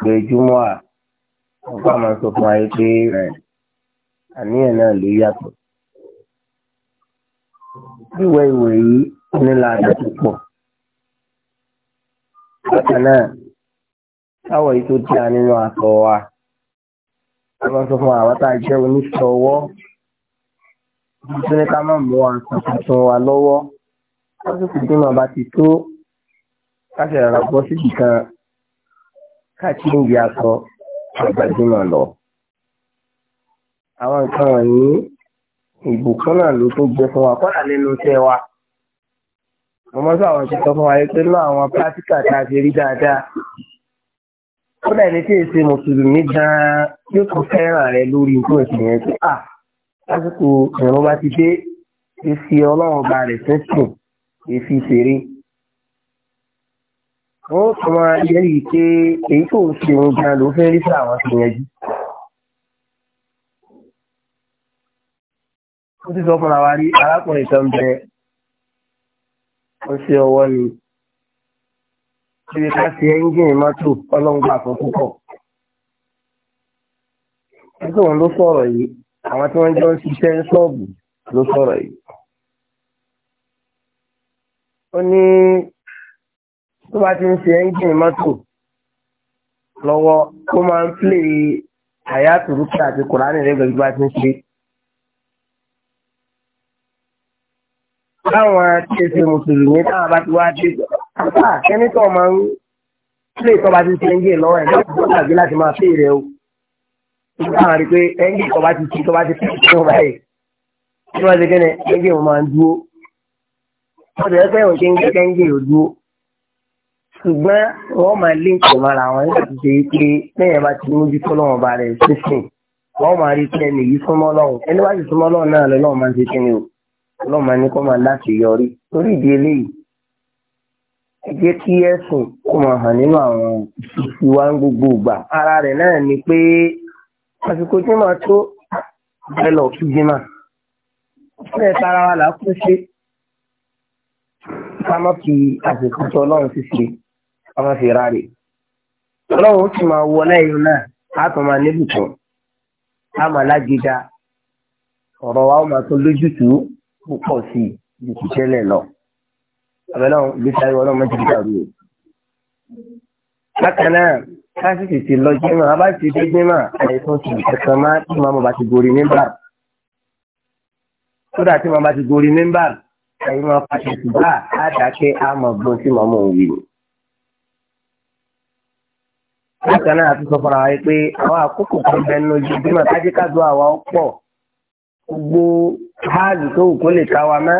pé júmọ́ à ọgbà máa ń sọ fún ayé pé àníyàn náà ló yàtọ̀. wíwẹ̀ ìwẹ̀ yìí nílà àdàtú pọ̀. bákan náà táwọ̀ yìí tó dá nínú aṣọ wa a máa sọ fún àwọn tá a jẹ́ oníṣọwọ́ nítorí ká má mú aṣọ tuntun wa lọ́wọ́ lásìkò tí màá bá ti tó ká ṣe rárá bọ́ síbì kan káàkiri ń bí aṣọ àgbàjúmọ̀ lọ. Àwọn nǹkan wọ̀nyí ìbùkún náà ló tó gbé fún wa kọ́dà nínú iṣẹ́ wa. Mo mọ́ sọ àwọn ti sọ fún wa pé náà àwọn pírátíkà tá a fi rí dáadáa. Kódà ẹni tí èsì Mùsùlùmí gan-an yóò tún fẹ́ràn rẹ lórí nǹkan ẹ̀sìn yẹn pé à ah, lásìkò ìrànlọ́wọ́ ti dé èsì ọlọ́run ba rẹ̀ sẹ́sìn èsì ṣeré wọ́n tún máa jẹ́rìí pé èyí tó ń ṣe òun gan ló fẹ́ rí sí àwọn tó yẹn jù. ó ti sọ fún wa rí arákùnrin kan bẹ ó ṣe ọwọ́ ni ṣe ká ṣe ẹ́ńgìnì mọ́tò ọlọ́ngbà fún púpọ̀. nígbà wọn ló sọ̀rọ̀ yìí àwọn tí wọ́n jọ ń ṣiṣẹ́ ṣọ́ọ̀bù ló sọ̀rọ̀ yìí. ó ní tó bá ti ń ṣe ẹ́ńjìnì mọ́tò lọ́wọ́ ó máa ń plé àyàtúrúkẹ́ àti kùránì lẹ́gbẹ̀ẹ́ bí bá ti ń ṣe. Báwọn akéṣe mùsùlùmí táwọn bá ti wá dé àpá kẹ́mítọ̀ máa ń plé tó bá ti ṣe ẹ́ńjìnì lọ́wọ́ ẹ̀ láti tó tàbí láti máa fẹ́ rẹ̀ o. Nígbà wọn rí pé ẹ́ńjìnì tó bá ti ṣe tó bá ti fẹ́ ṣe wọn báyìí. Tí wọ́n ti kẹ́ni ẹ́ńjìnì wọn máa ń dúró. Wọ́n ti rẹ́ pé ṣùgbọ́n wọ́n máa lé ìpè mọ́ra wọn nígbà tó ṣe pé lẹ́yìn bá ti mójú tó lọ́wọ́ ba rẹ̀ sísìn wọ́n máa rí pé ẹni yìí súnmọ́ lọ́hùn ẹni bá sì súnmọ́ lọ́hùn náà lọ́wọ́ máa ń ṣe kí o lọ́wọ́ máa ní kó máa láti yọrí torí ìdí eléyìí ẹ jẹ́ kí ẹ̀sùn kó máa hàn nínú àwọn ìṣesí wa ń gbogbo ìgbà ara rẹ̀ náà ni pé àsìkò tí màá tó ẹ lọ kí jimá ẹ tara wa là ká má fi àsìkò tó ọlọ́run ti ọmọ Ferrari ọlọ́run ó sì máa wọ lẹ́yìn náà á tún máa níbùkún á máa lágídá ọ̀rọ̀ wa ó máa tún lójútùú púpọ̀ sí i ju ti tẹ́lẹ̀ lọ àbẹ̀lẹ̀ ìgbésí ayé ọlọ́run mẹ́tìrì dàrú o. bákan náà káṣíṣì ti lọ jẹ́mọ̀ a bá ti dé jẹ́mọ̀ àìsàn ti kankan má tí màmá bá ti gorí nígbà sódà tí màmá bá ti gorí nígbà àyè máa pàṣẹ ṣùgbọ́n àádákẹ́ àmọ̀ gbọ́n tí màmá òun wí Bákan náà àti sọ fúnra wa pé àwọn àkókò kan bẹ nínú ojoojúmọ́ kájí kájú àwa ó pọ̀. Gbogbo háàlù tó wù kó lè ká wa mọ́.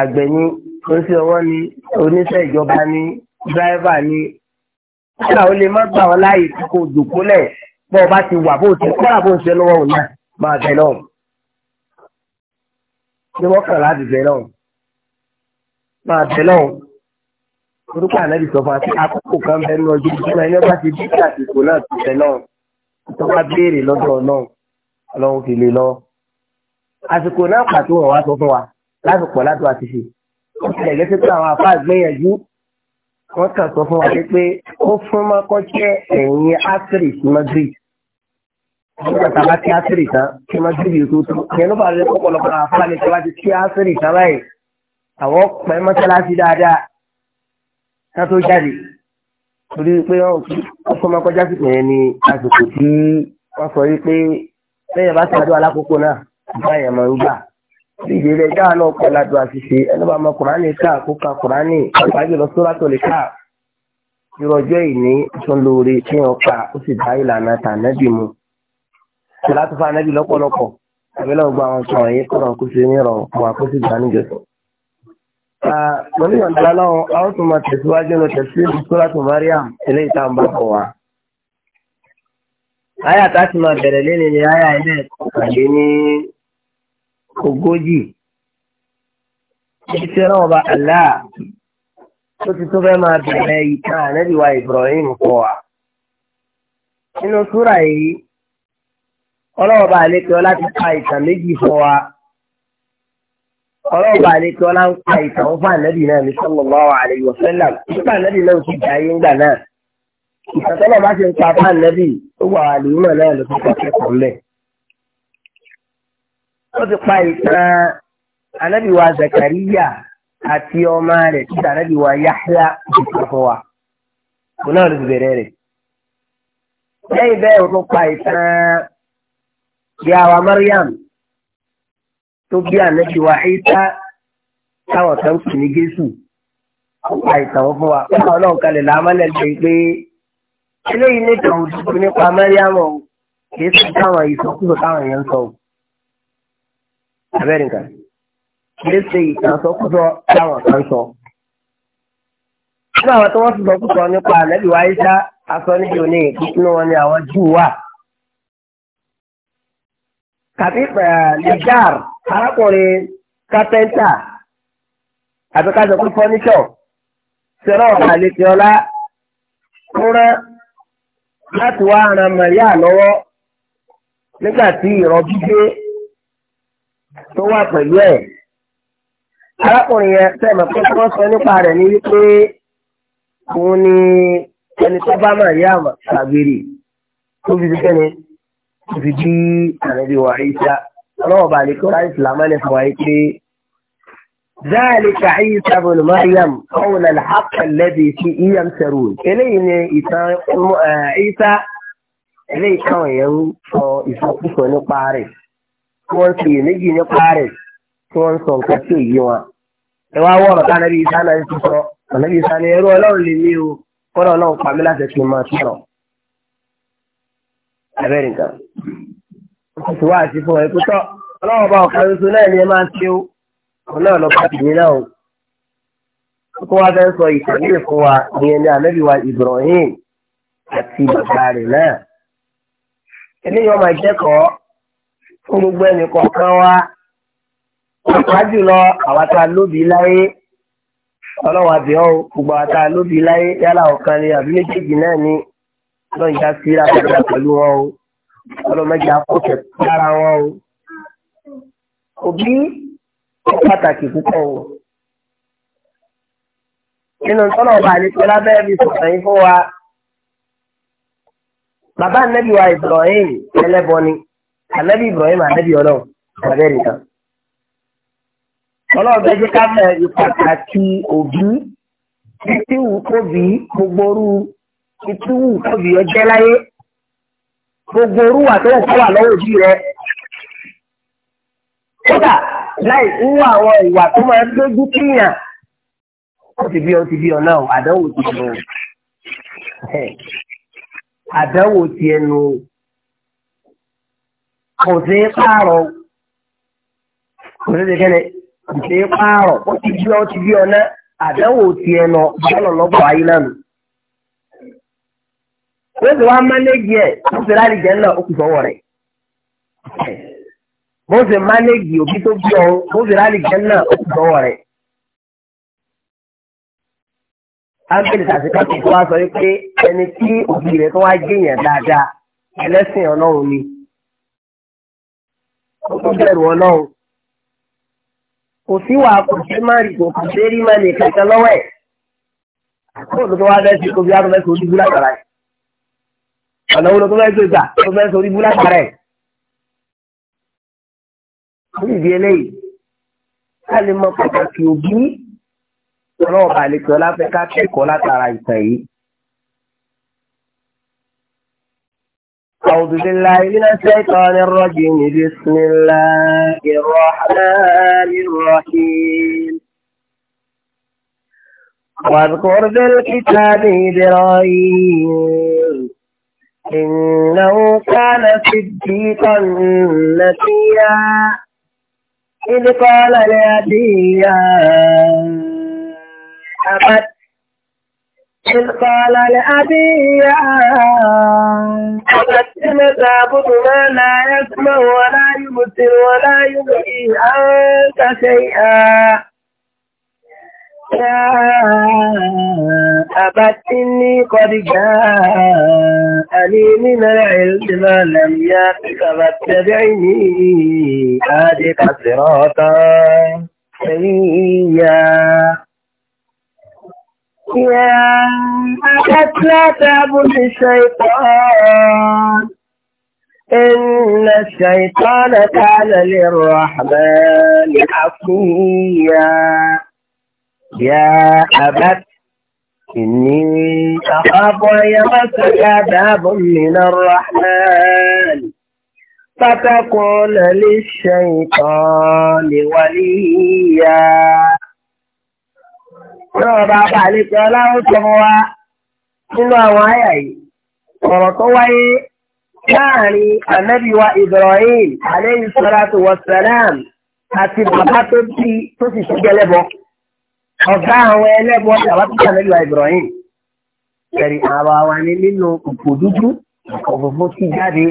Àgbẹ̀ni, oníṣẹ́ ọwọ́ ni, oníṣẹ́ ìjọba ni, dírẹ́fà ni. Kọ́lá ó lè má gbà ọ́ láàyè tí kò dòkólẹ̀ bọ́ ọ bá ti wà bó ti kọ́lá bó ń ṣe lọ́wọ́ òun náà máa bẹ̀ lọ́hùn. Ṣé wọ́n kàn láti bẹ̀ lọ́hùn? Máa bẹ̀ lọ́hùn orúkọ ànábì sọ fún wa pé àkókò kan bẹ ní ọjọ́ ìjọba ẹni ọba ti dídí àsìkò náà ti bẹ náà ìtọ́wá béèrè lọ́dọ̀ náà ọlọ́run fi lè lọ. àsìkò náà pàtó wọn wá sọ fún wa láti pọ̀ láti wá ti ṣe. wọ́n ti lẹ̀gẹ́ sí pé àwọn afá gbìyànjú wọ́n kàn sọ fún wa pé ó fún mọ́kọ́ jẹ́ ẹ̀yìn áfírì sí Madrid. nígbà tá a bá ti áfírì tán sí Madrid yìí tó tó ìyẹn ló bá rẹ ọ̀pọ̀lọpọ̀ àwọn afá ká tó jáde torí pé ọkọ̀ máa kọjá sí pẹ̀lẹ́ ní àsìkò tí wọ́n sọ wípé lẹ́yìn bá ṣáájú alákòókò náà báyẹn máa ń gbà ìdí rẹ̀ dáa náà pọ̀ ládùn àṣìṣe ẹni bá mọ kùránì ká kó ka kùránì àgbájọ lọ sórà tó lè ká ìrọ̀jọ́ ìní tún lóore tí wọ́n pa ó sì dá ìlànà tànẹ́bì mu ṣe látúfà nẹ́bì lọ́pọ̀lọpọ̀ àbẹ́lẹ́ ògbà àwọn sọ̀rọ̀ yìí kọ́nà kó ṣe nírọ̀ wà kó sì dá níjọ́sìn. Ah, pẹ̀lú ìyọ̀nda lọ́wọ́ a ó tún máa tẹ̀síwájú lọ tẹ̀síwájú sóràtù Mariam eléyìí tá à ń bá kọ̀ wá. Aya tá a ti máa bẹ̀rẹ̀ lẹ́nu ni aya ilé ìkọ̀kàlé ní ogójì. Ibi tí ọlọ́wọ́ bá Allah tó ti tó fẹ́ máa bẹ̀rẹ̀ ìtàn ànábì wa Ibrahim kọ̀ wá. Nínú súrà yìí, ọlọ́wọ́ bá àlékè ọ láti ka ìtàn méjì fún wa ọlọ́ọ̀bà ni kí ọlá ń pa ìtàn fún ànábì náà ní sallallahu alaihi wasallam nípa ànábì náà ti dà yé ńgbà náà ìtàn tọ́lọ̀ bá ti ń pa fún ànábì ó wà àlùmọ̀ náà ló fi kọ́kẹ́ kọ́ mẹ́. ó ti pa ìtàn ànábì wa Zakariya àti ọmọ rẹ̀ tí ànábì wa Yahya ti pa wa kò náà ló fi bẹ̀rẹ̀ rẹ̀. lẹ́yìn bẹ́ẹ̀ ó tún pa ìtàn ìyá Maryam tó bí ànẹ́bí wa ẹ̀yíká táwọn kan kù ní Jésù ọ̀pá fún wa ọ̀pá ọlọ́run kalẹ̀ lámọ́lẹ̀ lè pé eléyìí níta òdùkú nípa mẹ́ríàmọ̀ kìí sọ táwọn ìsọkúsọ táwọn èèyàn ń sọ o abẹ́rìnkà kìí ṣe ìtànsọkúsọ táwọn kan sọ. nígbà àwọn tí wọ́n ti sọkúsọ nípa ànẹ́bí wa ẹ̀yíká aṣọ níbi òní ìpínlẹ̀ wọn ni àwọn Júù wà kàtífà nijar arákùnrin kápẹ́ńtà àti kájọpọ̀ fọ́níṣọ̀ sẹ́rọ̀ àlejòọlá kúrẹ́ láti wá ran Màríà lọ́wọ́ nígbà tí ìrọ̀bí dé tó wà pẹ̀lú ẹ̀. arákùnrin yẹn sẹ́mi pé kí wọ́n sọ nípa rẹ̀ ní wípé òun ni ẹni tó bá Màríà àgbèrè tó fi ti kẹ́ni ó ti bí ànábì wa Ìsá ọlọ́wọ́ bá lè kó ra ìsìlámù ẹni fún wa yìí pé ذلك عيسى بن مريم قول الحق الذي فيه يمترون eléyìí ni ìtàn Ìsá eléyìí káwọn èèyàn ń sọ ìsọkúsọ nípa rẹ̀ tí wọ́n ń sọ iyèméjì nípa rẹ̀ tí wọ́n ń sọ nǹkan tí ò yé wọn. ẹ wá wọ̀rọ̀ ká ànábì Ìsá náà ti sọ ànábì Ìsá ni ẹrú ọlọ́run lè mí o kọ́dọ̀ abẹ́rẹ́ nǹkan. ó ti wá àti fún ẹ pé tọ́ ọlọ́wọ́ bá ọ̀kan tuntun náà ni ẹ máa ń ṣe ó òun náà lọ bá tèmi náà o. kókó wa fẹ́ sọ ìtàgé fún wa ìyẹn ní ànábì wa Ibrahim àti bàbá rẹ̀ náà. eléyìí wọn máa jẹ́kọ̀ọ́ fún gbogbo ẹnì kọ̀ọ̀kan wa pàápàá jùlọ àwa tá a lóbi láyé ọlọ́wọ́ àbíọ́ gbogbo àwa tá a lóbi láyé yálà ọ̀kan ni àbí méjèèjì náà ni lọ́n já sí àgbàdà pẹ̀lú wọn o ọlọ́mọdé akọ́kẹ́ lára wọn o òbí pàtàkì púpọ̀ o nínú tọ́nà ọba àlejò lábẹ́ mi sọ̀tàn yín fún wa bàbá anabi wa Ibrahim ẹlẹ́bọ ni anabi Ibrahim anabi ọlọ́run ọ̀rẹ́ nìkan ọlọ́run bẹ́ẹ̀ jẹ́ ká mọ ìpàtàkì òbí títí wù kó gbogbo orú ìtúwù tóbi ọjẹ́ láyé gbogbo orúwà tó ń kọ́wà lọ́wọ́ òbí rẹ. kódà láì ń wá àwọn ìwà tó máa ń dójú kíyàn ó ti bí ọ ti bí ọ náà àdánwò ti ẹnu àdánwò ti ẹnu kò sí pààrọ̀ kò sí kẹ́lẹ́ kò sí pààrọ̀ ó ti bí ọ ti bí ọ náà àdánwò ti ẹnu bọ́lọ̀ lọ́gbọ̀ ayé náà nù ó sì wá mánéjì ẹ̀ ó sì láti jẹ́ náà ó kù sọ́wọ́ rẹ̀ bó ṣe mánéjì òbí o bí ọ̀hún bó ṣe láti jẹ́ náà ó kù sọ́wọ́ rẹ̀. ángẹ́lì tàṣíkàtì tó wá sọ pé ẹni tí òbí rẹ̀ tó wá jẹ́yàn dáadáa ẹlẹ́sìn ọlọ́run ni ó tún bẹ̀rù ọlọ́run kò sí wàá kò sí má rí kò kò sí rí má lè kankan lọ́wọ́ ẹ̀ kó o tó wá bẹ́ẹ̀ sí kó bí arúgbó ẹ̀ kó o dúdú látara ẹ̀ ọ̀nà wo ló tó fẹ́ gbé gbà tó fẹ́ sórí ibú látara ẹ̀. ní ìdí eléyìí ká lè mọ pàtàkì òbí ọlọ́wọ́ balẹ̀kẹ́ ọláfẹ́ ká kẹ́kọ̀ọ́ látara ìtàn yìí. أعوذ بالله من الشيطان الرجيم بسم الله الرحمن الرحيم واذكر في الكتاب إبراهيم إنه كان صديقا نسيا إذ قال لأبيه أبت إذ قال لأبيه أبت تعبد ما لا يسمع ولا يبصر ولا يبكي أنت شيئا يا أبت إني قد جاءني من العلم ما لم يأتك فاتبعني أهدك صراطا سويا يا أبت لا تعبد الشيطان إن الشيطان كان للرحمن عصيا يا أبت إني أخاف أن يمسك عذاب من الرحمن فتكون للشيطان وليا náà bá bá àlejò ọlọ́run tó mọ wa nínú àwọn àyà yìí ọ̀rọ̀ tó wáyé láàrin ànábì wa Ibrahim aleyhi salatu wa salam àti bàbá tó bí tó sì ṣe gẹ́lẹ́bọ ọ̀gá àwọn ẹlẹ́bọ làwa tó kà lẹ́yìn Ibrahim kẹrì àwa wa ni nínú òpò dúdú òfófó ti jáde.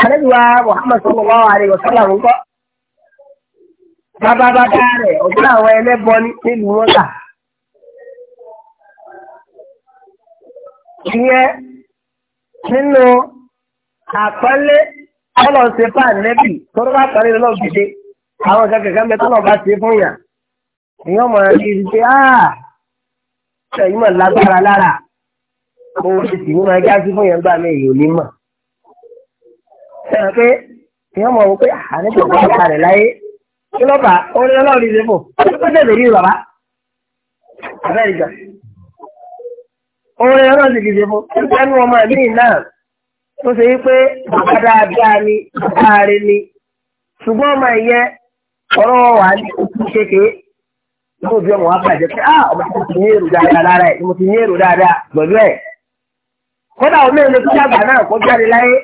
Àlẹ́bíwá Muhammad sallallahu alaihi wasallam ń kọ́. Bàbá bàbá rẹ̀ ọ̀gá àwọn ẹlẹ́bọ nílùú Rọ́tà. Ìyẹn nínú àpọ́nlé ọlọ́ ṣe fà nẹ́bì tọ́lọ́ bá parí lọ́ọ́ gbèdé àwọn ọ̀gá kẹ̀kẹ́ mẹ́ta bá ṣe fún yàn èèyàn mọ̀ ẹ́ kí n ṣe mọ̀ lágbára lára kó o ṣe sì ní máa sí fún yàn gbà mí èyí ò ní mọ̀ ṣe pé èèyàn mọ̀ wípé àníkò bá bá rẹ̀ láyé kí ló bá orin ọlọ́ọ̀rí ṣe fò ó tẹ̀lé rí bàbá abẹ́rẹ́ ìjọ orin ọlọ́ọ̀rí ṣe fò tó ṣe wípé bàbá dáadáa ni bàbá rẹ ni ṣùgbọ́n ọmọ ìyẹn ọ̀rọ̀ wà ní ojú kékeré yóò bí ọmọ wa bàjẹ́ pé ah ọmọ tó ti ní èrò dáadáa lára ẹ̀ mo ti ní èrò dáadáa pẹ̀lú ẹ̀ kódà ọmọ ìlú tó dàgbà náà kó jáde láyé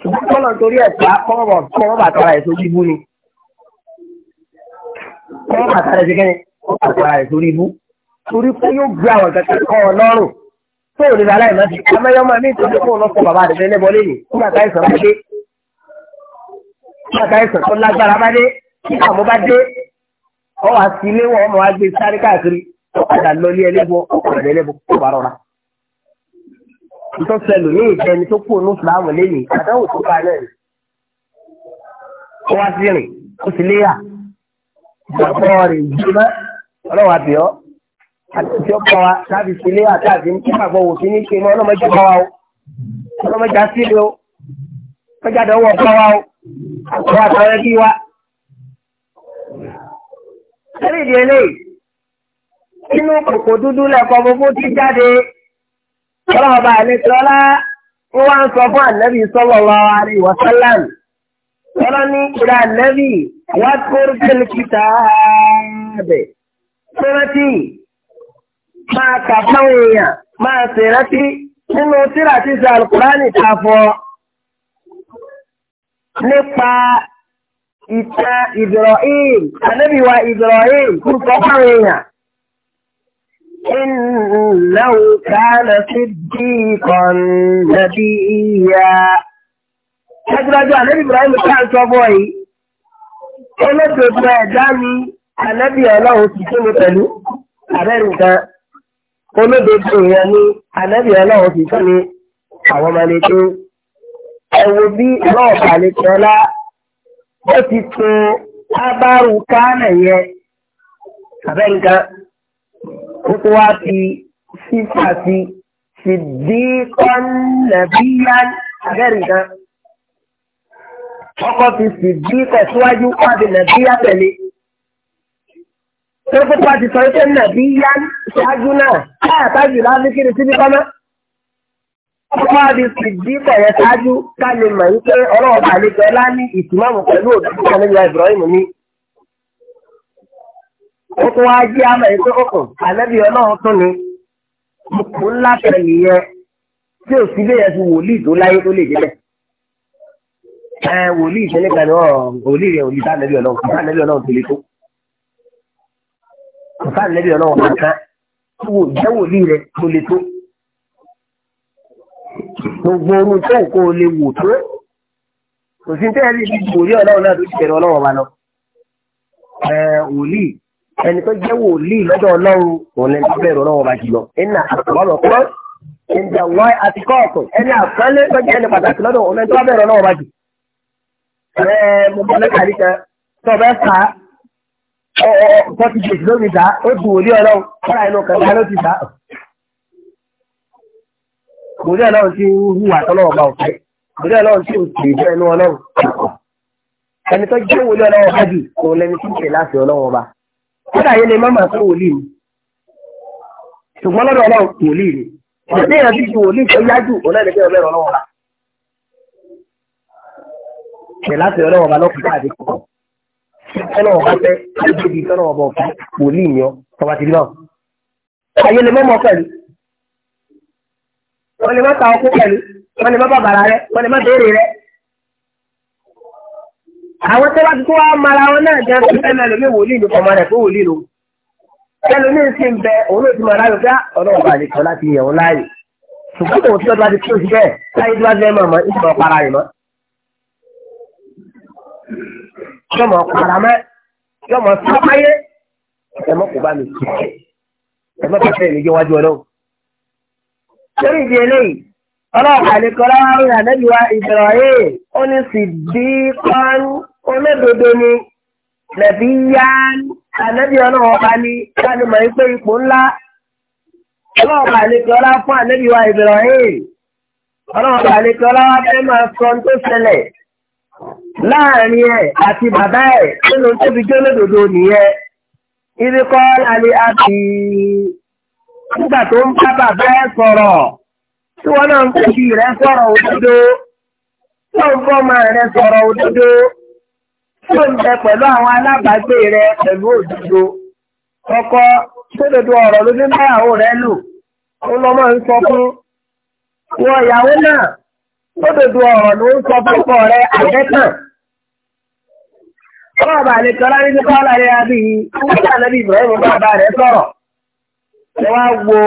ṣùgbọ́n tọ́lọ̀ torí ẹ̀ pa kọ́mọ́ bàtàrà ẹ̀ sójú ibú ni kọ́mọ́ bàtàrà ẹ̀ sójú ibú torí pé yóò gbé àwọn kẹ̀kẹ́ kọ́ ọ tó ò nira láì mọ́tì amẹ́yọ́ máa ní ìtọ́jú fún ọlọ́sọ bàbá rẹ̀ lẹ́lẹ́bọ lẹ́yìn nígbà tá ìsọ̀ bá dé nígbà tá ìsọ̀ tó lágbára bá dé nígbà mo bá dé ọ wá sí ilé wọn ọmọ wa gbé sáré káàkiri ọ̀padà lọlé ẹlẹ́bọ ọ̀padà ẹlẹ́bọ kó bá rọra. ìtọ́sẹ̀ lò ní ìtẹni tó kú ònú fìlàmù lẹ́yìn àdáwò tó bá náà ó wá sí rìn ó sì léyà ìgbàgbọ́ rẹ̀ ìgbìmọ̀ ọlọ́wà bíọ́ àti ọkọ wa láti sílé àtàbí kí àgbọ̀ wò sí ní ṣe mọ́ ọlọ́mọdé bá wa o ọlọ́mọdé sílé o ọjà dánwò bá wa o àtọwọ́ àtàwọn ẹbí wa. lẹ́yìn ìdí eléyìí inú kòkò dúdú lẹ́kọ̀ọ́ gbogbo ti jáde ọlọ́mọba àlejòọ́lá ń wá ń sọ fún ànábì sallallahu alaihi wasallam ọlọ́ni ìrà ànábì wàá kórè kìtàbẹ̀ sọ́rọ́tì máa kà fáwọn èèyàn máa ṣèrántí nínú tírà tí ṣe alukurani ta fọ nípa ìtàn Ibrahim anábìwa Ibrahim kúrúkọ fáwọn èèyàn. إنه كان صديقا نبيا Ẹgbẹ́jọ́ ànábì Ibrahim káà sọ bọ́ yìí, olóòtú ẹ̀dá ni ànábì ọlọ́run ti fún mi pẹ̀lú àbẹ́rù gan-an olódodo yẹn ni ànábì ọlọ́run fi kọ́ ni àwọn ọmọ létí ẹ wo bí ọlọ́run pàlẹ́tì ọlá ó ti tún ábárù kánà yẹn abẹ́ǹkan ó tún wá fi fífà sí sìdíkọ́n nàbíyán abẹ́ǹkan ọkọ̀ fi sìdíkọ̀ síwájú pàdé nàbíyá tẹ̀lé tó kó pa ti sọ pé nàbí yá ṣáájú náà káàtájú lábíkiri síbi kọ́mọ́. Ọkọ̀ àbí fìdí kọ̀yẹ ṣáájú ká lè mọ̀ yí pé ọlọ́run bá lè jọlá ní ìtìmọ̀mù pẹ̀lú òdúgbò kan níbi Ibrahim ní. Ó tún wá jẹ́ àmọ̀ yìí pé kòkò àlẹ́bí ọlọ́run tún ni. Mùkù ńlá tẹ̀ nìyẹn tí ò sí léyẹ fún wòlíì tó láyé tó lè débẹ̀. Ẹ wòlíì ìṣẹ́lẹ̀ kan ni wọ́n wòlíì rẹ̀ wòlíì tá kò sáà nẹ́bí ọlọ́wọ́ kankan tó wò jẹ́wò lì rẹ̀ tó le tó. gbogbo orun tó nǹkan ò lè wò tó kò sí tẹ́lẹ̀ bí kò rí ọlọ́wọ́ náà tó ti bẹ̀rẹ̀ ọlọ́wọ́ wa lọ. ẹ wòlíì ẹni tó jẹ́ wòlíì lọ́dọ̀ ọlọ́run òun lẹni tó bẹ̀rẹ̀ ọlọ́wọ́ wa jùlọ ẹnà àkọọ́lọ̀ kọ́ ẹnìjà wá àti kọ́ọ̀kọ̀ ẹni àkọọ́lẹ̀ tó jẹ́ ẹni pàtàkì lọ́dọ̀ òun lẹni tó bẹ̀rẹ̀ ọlọ́wọ́ wa jù. ẹ mo bọ́ lẹ́kàlí forty days ló fi dá ó ti wòlíì ọlọ́run kọ́ra inú kan dá ló ti dá. wòlíì ọlọ́run ti hùwà tọ́lọ́wọ́ bá òfin wòlíì ọlọ́run ti òsì ìjọ inú ọlọ́run. ẹni tó jẹ́ wòlíì ọlọ́run bá jù kò lẹni tí ń tẹ̀ láti ọlọ́run ọba. kódà yẹn lè má máa fún wòlíì mi ṣùgbọ́n lọ́dọ̀ ọlọ́run wòlíì mi ìdí ìyẹn ti ju wòlíì tó yájú òun náà lè ọlọ́run ọba. tẹ̀ láti ọlọ́run ọba lọ́kùnrin àdékùn tọ́nà ọba fẹ́ ẹgbẹ́bí tọ́nà ọba ọ̀fẹ́ wòlíì ni ọ tọba ti rí náà. ayé lè mọ́mọ́ pẹ̀lú wọ́n lè má ta ọkú pẹ̀lú wọ́n lè má bàbàrà rẹ wọ́n lè má béèrè rẹ. àwọn tó bá ti tó wá mara wọn náà jẹ́ ẹgbẹ́ fẹ́ mẹ́lòmí wòlíì ni ọmọ rẹ̀ fún wòlíì lò. ẹlòmí sì ń bẹ òun ló ti mọ̀ láyò fẹ́ ọ̀nà ọba láti yẹ̀ láàyè. ṣùgbọ́n kò tí wọ́n ti wá ti yọ mọ kpara mẹ yọ mọ sábàyé ẹ mọ bá mi sùn mọ kó mi jẹ wájú Ọlọ́run. lórí ìdí eléyìí ọlọ́ọ̀kà ní kọ́lá rìn ànábì wa ó ní sì bí kan olódodo ni nàbí yá ànábì láàrin ẹ̀ àti bàbá ẹ̀ nínú tó fi jẹ́ olódodo nìyẹn ibi kọ́ lálẹ́ àti nígbà tó ń bá bàbá ẹ̀ sọ̀rọ̀ tí wọ́n náà ń fi rẹ̀ sọ̀rọ̀ òdodo tí wọ́n ń fọ́mọ rẹ̀ sọ̀rọ̀ òdodo tí wọ́n ń bẹ pẹ̀lú àwọn alábàágbé pẹ̀lú òdodo ọkọ ọ̀rọ̀ ló fi ń lò ó lọ́mọ ń sọ lódodo ọ̀rọ̀ ló ń sọ fọ́pọ̀ rẹ àjẹ́tàn. Ọlọ́ọ̀bà lè tọ́lá ní ní kọ́lá rẹ̀ àbí ìwúlà nàbí Ibrahim bàbá rẹ̀ sọ̀rọ̀. Ẹ wá wo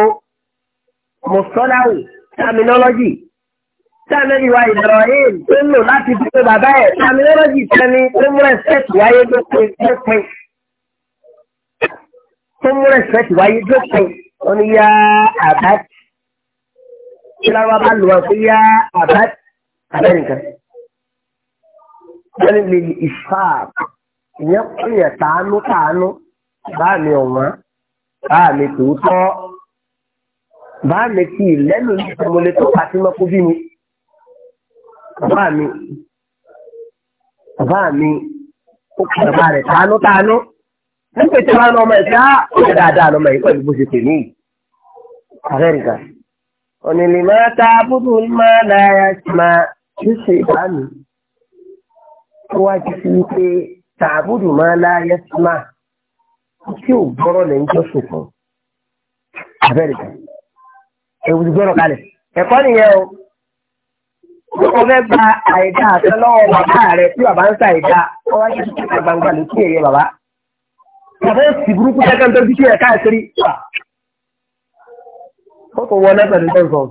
Mùsọ́láwù terminology. Terminology wa Ibrahim tó ń lò láti fi pé bàbá ẹ̀ terminology tẹ́ni tó mú respect wáyé dópin. Tó mú respect wáyé dópin. Ó ní yá àbá tí lárúbá bá lù wọn pé yá àbá àbẹ́nìkan. wọ́n lè ìfáàb ìyẹn pèèyàn tàánú tàánú bá mi ọ̀wọ́n bá mi tòótọ́ bá mi kì í lẹ́nu ní ìfọ̀mọ́lẹ́ tó pàtí mọ́kú bí mi. bàbá mi bàbá mi ó kí bàbá rẹ̀ tàánú tàánú nígbà tí wọ́n lọ́mọ ẹ̀ sí ó yẹ dáadáa lọ́mọ yìí pẹ̀lú bó ṣe pè mí. àbẹ́nìkan onílì máa ta búdú máa lára máa ṣíṣe ìbámu tó wá ti fi pé tààbùdù máa láyé máa tí ò gbọ́rọ̀ lè ń jọ́sùn fún abẹ́rẹ́ ewu ti gbọ́rọ̀ kalẹ̀ ẹ̀kọ́ nìyẹn o ó fẹ́ gba àìdá àtọ́ lọ́wọ́ bàbá rẹ̀ tí bàbá ń sa àìdá ó wá ṣe kíkà gbangba ló kí èyẹ bàbá bàbá ó sì burúkú kẹ́kẹ́ ń tọ́jú kí ẹ̀ káàkiri kókò wọná pẹ̀lú tọ́sọ̀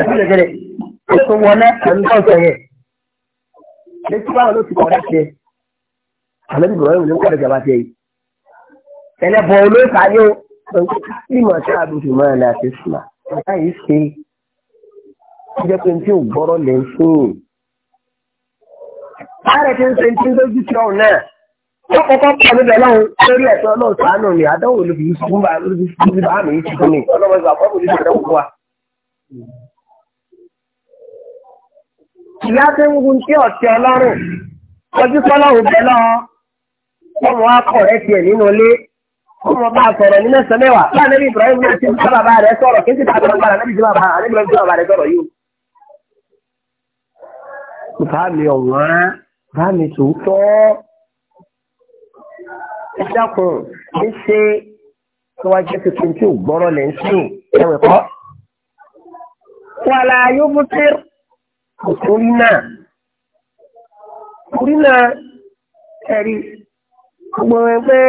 ìdílẹ̀gẹ̀rẹ̀ kókò wọná pẹ̀lú tọ́sọ̀ yẹn létí báwọn ló ti kọ̀rẹ́ ṣe àmẹ́bí bọ̀rọ̀ ìwé kọ̀rẹ́ jàmbá ṣe yìí ẹlẹ́bọ̀ olóòkà yóò ìmọ̀ ṣe àbùsù máa ní àti sùnà ọ̀tá yìí ṣe jẹ́ pé tí ò gbọ́rọ̀ lẹ́sìn. Báyọ̀ ti ń ṣe ti ń dójú tí ọ̀hún náà wọ́n kọ́kọ́ pọ̀ níbẹ̀ náà lórí ẹ̀tọ́ náà sàánù ni àdánwò ló fi fún bá ló fi fún bá mi ti fún mi ọlọ́mọ ìgbà pọ̀ níbi ìdánwò wa. ìyá tó ń gun tí ọ̀tí ọlọ́run ọjọ́ sọ́lọ́run bẹ́ẹ̀ lọ ọmọ wa kọ̀ rẹ tiẹ̀ nínú ilé ọmọ bá sọ̀rọ̀ ní mẹ́sàn-án mẹ́wàá láàrin ní Ibrahim náà ti bá bàbá rẹ sọ̀rọ̀ kí n sì bá bàbá rẹ sọ̀rọ̀ yìí. bàbá mi ọ̀wọ́n bàbá mi tòótọ́ ẹ dákun ní ṣe tí wọ́n jẹ́ tuntun tí ò gbọ́rọ̀ lẹ́ ń sìn ẹ̀wẹ̀ kọ́. wàlá yóò bú sí òtún náà orí náà ẹ̀rí gbogbo ẹgbẹ́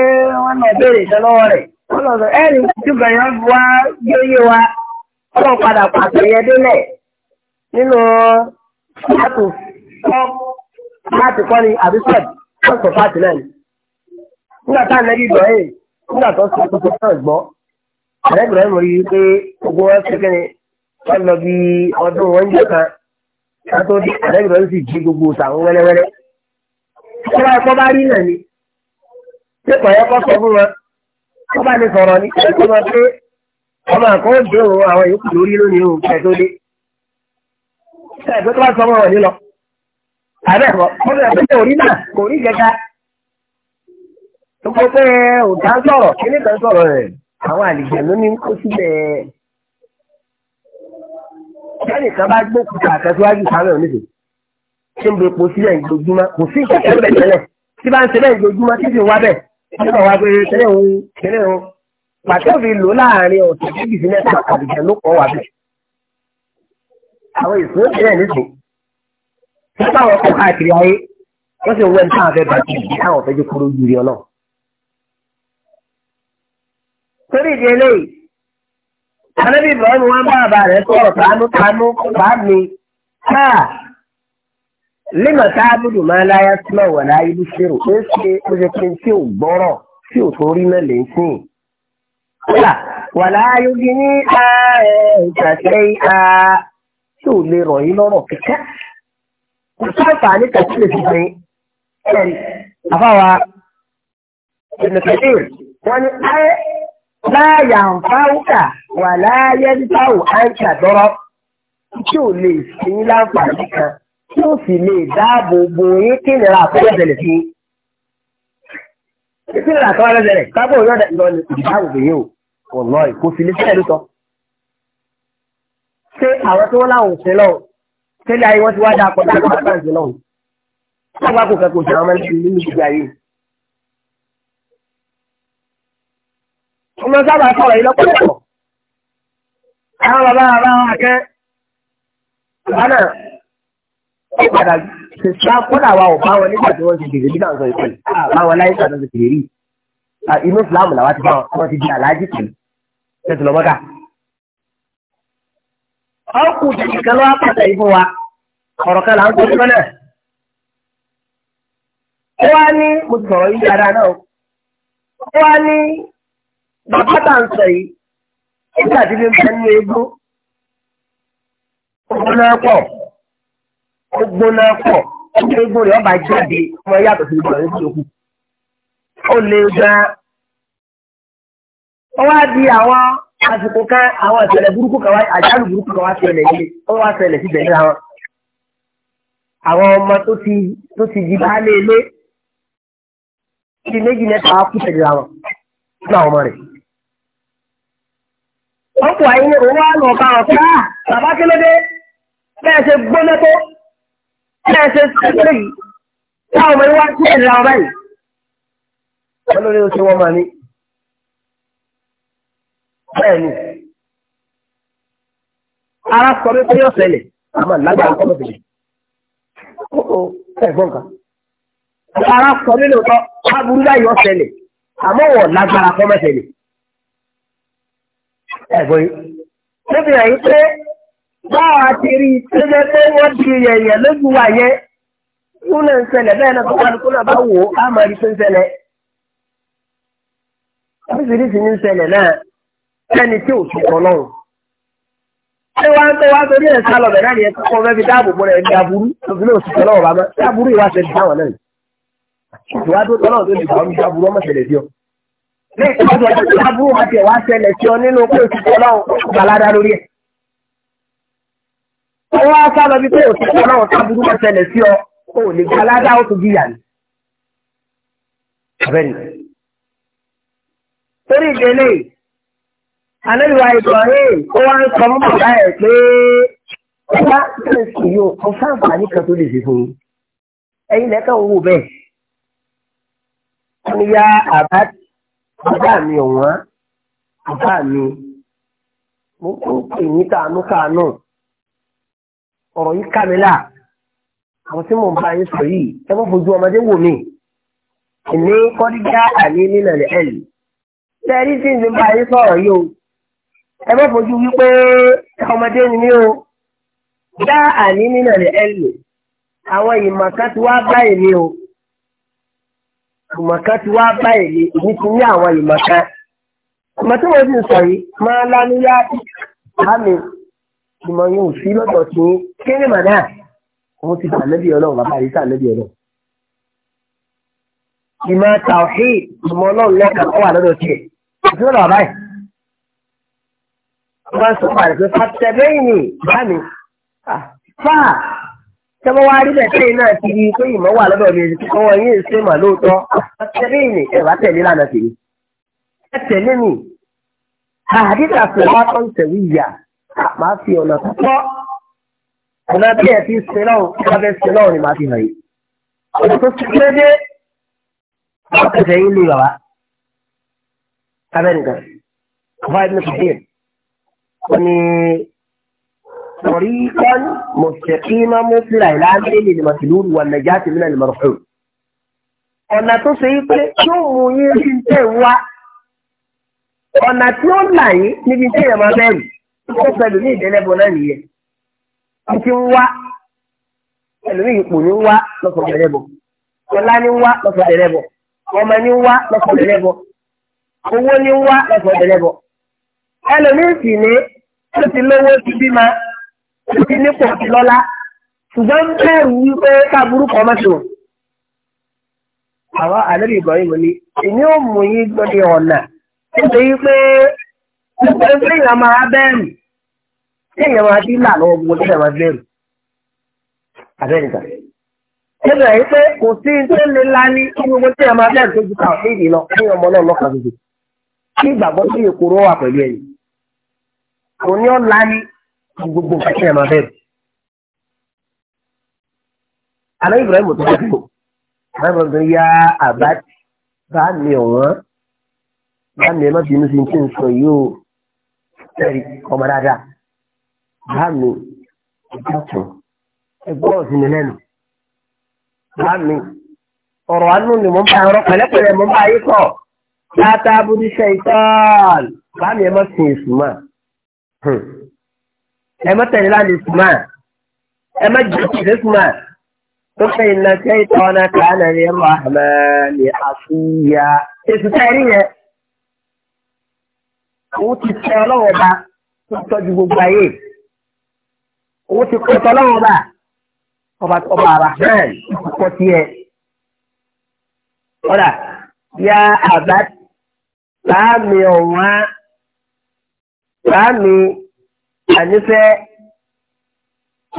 wọn lọ béèrè iṣẹ́ lọ́wọ́ rẹ̀ wọ́n lọ sọ ẹ̀rí jùgbọ́n yẹn wá yóyé wa wọ́n padà pàtó yẹn délẹ̀ nínú láti kọ́ láti kọ́ ni àbí sọ́ọ̀dì wọ́n sọ fáàtì náà ni nígbà tá ànábì Ibrahim eh, nígbà tó tuntun náà gbọ́ ànábì Ibrahim rí pé gbogbo wọn ṣe kí ni lọ bí ọdún wọn jẹ kan ká tó dé ànábì sì jí gbogbo sàwọn wẹ́lẹ́wẹ́lẹ́ tí wọn kọ́ bá rí náà ni ṣé kọ̀ kọ́ sọ fún wọn kọ́ bá ní sọ̀rọ̀ ni kí wọ́n pé ọmọ àkọ́wé dé o àwọn yòókù lórí lónìí o kẹ́ tó dé ṣe ẹgbẹ́ tó bá sọ wọn ní lọ àbẹ́ kọ́ bẹ̀rẹ̀ pé Gbogbo pé òdá sọ̀rọ̀ kíní rẹ̀ àwọn àlejò ló ní kó sílẹ̀. Kẹ́nì kan bá gbé òkúta àtẹ̀síwájú sáré oníṣe. Ṣé ń bẹ epo sílẹ̀ ìjojúmọ́? Kò sí ìkẹ́kẹ́ bẹ̀ tẹ́lẹ̀. Tí bá ń ṣe bẹ́ẹ̀ ìjojúmọ́ tí sì wá bẹ̀. Nígbà wá pé tẹ́lẹ̀ òun tẹ́lẹ̀ òun. Pàtó fi lò láàárín ọ̀sẹ̀ méjì sí mẹ́ta ló kọ́ wà bẹ̀ torí ìdí eléyìí anábì ibrahim wá bá bàbá rẹ̀ sọ̀rọ̀ tánútánú bá mi káà lima tá a bùdù máa láyà sílọ wà láyé bí ṣèrò ó ṣe ó ṣe pé tí ò gbọ́rọ̀ tí ò tó rí náà lè ń sìn. kódà wà láyé bí ní ìtàkẹ́ ìhà tí ò lè rọ̀ yín lọ́rọ̀ kẹ́kẹ́. kò sáǹfà ní kàtí lè fi pé ẹn àfáwa ìnìkẹ́tì wọ́n La ń fáwùkà wà láàyè ń fáwù àìsà dọ́rọ́ tí ò lè sí láǹfààní kan tí ó sì lè dáàbò bo yín kí nira àkọ́jọ́ ìṣẹ̀lẹ̀ sí. kí nira àkọ́jọ́ ìṣẹ̀lẹ̀ sábà yóò dẹ̀ lọ ìdáàbò bò yín o ọ̀nà ìkó fi lé sílẹ̀ ló sọ. ṣé àwọn tí wọ́n láwọn ò sí lọ tẹ́lẹ̀ ayé wọ́n ti wá dáa pọ̀ dáa pọ̀ dáa pọ̀ dáa pọ̀ dáa pọ̀ dáa pọ̀ dáa ọmọ sábà sọ̀rọ̀ yìí àwọn bàbá bàbá akẹ́ lánà ó padà ṣe wa ò wọn nígbà tí wọ́n ti bèrè nígbà sọ ìpè bá wọn láyé sàdán ti bèrè rí inú Islam làwọn ti bá wọn ti di aláàjì pẹ̀lú ṣètò lọ́mọ́dà. ọkùnrin nìkan ló wá pàtàkì fún wa ọ̀rọ̀ kan là ń gbọ́ síbẹ̀ ó wá ní mo ti sọ̀rọ̀ yìí bàbá tà ń sọ yìí nígbà tí mi bá ní egbó ogun náà pọ̀ ogun náà pọ̀ ogun egbò rẹ̀ ọba jáde ọmọ yàtọ̀ sí ìgbà yóò kú ó lè gan ó wá di àwọn àsìkò kan àwọn ìṣẹ̀lẹ̀ burúkú kan wá àjálù burúkú kan wá ṣẹlẹ̀ yìí ó wá ṣẹlẹ̀ síbẹ̀ ní àwọn àwọn ọmọ tó ti tó ti di baálé ilé ti méjì mẹ́ta wá kú tẹ̀lé àwọn nínú àwọn ọmọ rẹ̀ ọkọ̀ àyín ni òun wá lọ bá ọ̀ pé ah bàbá kí ló dé bẹ́ẹ̀ ṣe gbóná tó bẹ́ẹ̀ ṣe sẹ́kẹ̀lẹ̀ yìí wá sí ẹ̀dá ọba yìí. wọ́n ló oṣù wọn mà ní. bẹ́ẹ̀ ni ara sọ mi pé yóò ṣẹlẹ̀ àmọ́ lágbàá ń kọ́ lọ́sẹ̀ yìí. ẹ̀gbọ́n kan ara sọ mi lóòótọ́ aburú báyìí ọ̀ṣẹlẹ̀ àmọ́ wọ̀ lágbára kọ́ mẹ́sẹ̀lẹ̀ ẹ̀gbọ́n yìí. Níbi ẹ̀yí pé báwa ti rí i tó jẹ́ pé wọ́n di yẹ̀yẹ̀ lójú wa yẹ. Kú náà ń ṣẹlẹ̀ bẹ́ẹ̀ náà tó wà lóko náà bá wò ó, á máa rí tó ń ṣẹlẹ̀. Oríṣiríṣi ní ń ṣẹlẹ̀ náà ẹni tí ò tún kọ lọ́rùn. Ṣé wá ń tọ́ wá torí ẹ̀ sá lọ́bẹ̀ náà ni ẹ tó kọ́ fẹ́ fi dáàbò bọ́ ẹ̀ ní aburú lóbi náà òṣìṣẹ́ lọ́wọ́ bá mọ́. Ṣé ìwà ṣẹlẹ̀ ní ìtọ́jú ọjọ́ tí abúrò máa tẹ̀ wá ṣẹlẹ̀ sí ọ nínú pé òṣìṣẹ́ ọlọ́run gbàládá lórí ẹ̀. ọwọ́ á sábà bí pé òṣìṣẹ́ ọlọ́run sábúrú máa ṣẹlẹ̀ sí ọ kò lè gbàládá ó tó jìyà ni. abẹ́ni. torí ìdílé anáyíwá Ibrahim ó wá ń sọ fún bàbá ẹ̀ pé ọba kìrìsì yóò kọ sáǹfààní kan tó lè ṣe fún un ẹ̀yin lẹ́kàn wò bẹ́ẹ̀. wọ́n ní yá àbá bàbá mi ọ̀wọ́n bàbá mi mo kó pè ní kàánú kàánú ọ̀rọ̀ yìí ká mi là àwọn tí mò ń bá yín sọ yìí ẹ má fojú ọmọdé wò mí ìní kọ́díjà àní nínà lè ẹ̀ lì tí ń bá yín sọ̀rọ̀ yìí o ẹ má fojú wípé ọmọdé ni mí o já àní nínà lè ẹ̀ lì àwọn ìmọ̀ kan ti wá báyìí ni o. ìmọ̀ká ti wá bá èlé èmi ti ní àwọn ìmọ̀ká ìmọ̀ tí wọ́n sì ń sọ yìí máa ń láníyá àmì ìmọ̀ yẹn ò sí lọ́dọ̀ tí kéré ti sàlẹ́bí ọlọ́run bàbá yìí sàlẹ́bí ọlọ́run. ìmọ̀ tàwí ìmọ̀ ọlọ́run lẹ́kàn kọ́ wà lọ́dọ̀ tiẹ̀ àti lọ́dọ̀ bàbá yìí. wọ́n sọ tẹ́wọ́ wá rí bẹ̀ tẹ́yìn náà ti rí pé ìmọ̀ wà lọ́dọ̀ mi èsì kọ́ wọn yín ṣe mà lóòótọ́ tẹ́lẹ̀ ní ẹ̀wà tẹ̀lé lánàá tèmi ẹ tẹ̀lé mi àdídà fìlà tó ń tẹ̀wé ìyá màá fi ọ̀nà tó ọ̀nà tí ẹ̀ fi ṣe náà tí wọ́n náà ni màá fi hàn yìí ọ̀nà tó ṣe déédé wọ́n tẹ̀sẹ̀ yín lè bàbá abẹ́nìkan àbáyé ní kò wọ́n ní. طريقا مستقيما مثل العامل للمسلول والنجاة من المرحوم ọ̀nà tó ṣe pé yóò mú yín sí tẹ̀ wá ọ̀nà tí ó là yín níbi tí èèyàn máa bẹ̀rù ó pẹ̀lú ní ìdẹ́lẹ́bọ̀ náà nìyẹn wọ́n ti ń wá pẹ̀lú ipò ní wá lọ́sọ̀ dẹ́lẹ́bọ̀ ọlá ní wá lọ́sọ̀ dẹ́lẹ́bọ̀ ọmọ ní wá lọ́sọ̀ dẹ́lẹ́bọ̀ owó ní wá lọ́sọ̀ dẹ́lẹ́bọ̀ ẹlòmíì sì ní ó ti lówó ti bímọ ó ti nípò lọ́lá ṣùgbọ́n ń bẹ̀rù wípé káàbùrú kan máa ṣe wọ̀. àwọn àlejò Ibrahim ni èmi ò mú yín gbọ́dọ̀ ọ̀nà nítorí pé nípa pé èèyàn máa bẹ̀rù èèyàn máa ti là lọ́wọ́ gbogbo tí èèyàn máa bẹ̀rù. abẹ́nìkan nígbà yìí pé kò sí tó lè la ní kí gbogbo tí èèyàn máa bẹ̀rù tó ju káwọn méjì lọ kí ọmọ náà lọ́kàn gbogbo kí ìgbàgbọ́ sí èkó rọ́wà pẹ̀lú ẹ̀yìn. òní ọ̀la ni gbogbo nǹkan kí ẹ máa bẹ́ẹ̀. alẹ́ ibrahim tó fẹ́ kó ibrahim tó yá àbájá bá mi ọ̀wọ́n bá mi ẹ má bínú sí kí n sọ yìí ó tẹ̀rí ọmọ dáadáa bá mi ìjà tún ẹgbọ́n sí mi lẹ́nu bá mi ọ̀rọ̀ àánú ni mo ń bá ọ̀rọ̀ pẹ̀lẹ́pẹ̀lẹ́ mo ń bá yí kọ̀ látàbùdí ṣe ìtọ́ọ̀lù bá mi ẹ má sin ẹ má tẹ̀lé lánàá ìsúmá ẹ má jẹ́ ìdílé ìsúmá tó fẹ́ iná tẹ́ ìtọ́ ọ̀nà kàánà ní ẹ̀rọ àmà ní àfúyà èsì tẹ́rí yẹn òun ti tẹ ọlọ́wọ́ bá tó tọ́jú gbogbo ayé òun ti kọ́ tọ́lọ́wọ́ bá ọba ọba arahman kọ́ tiẹ̀ ọ̀dà yá àbá tààmì ọ̀wá tààmì ànífẹ́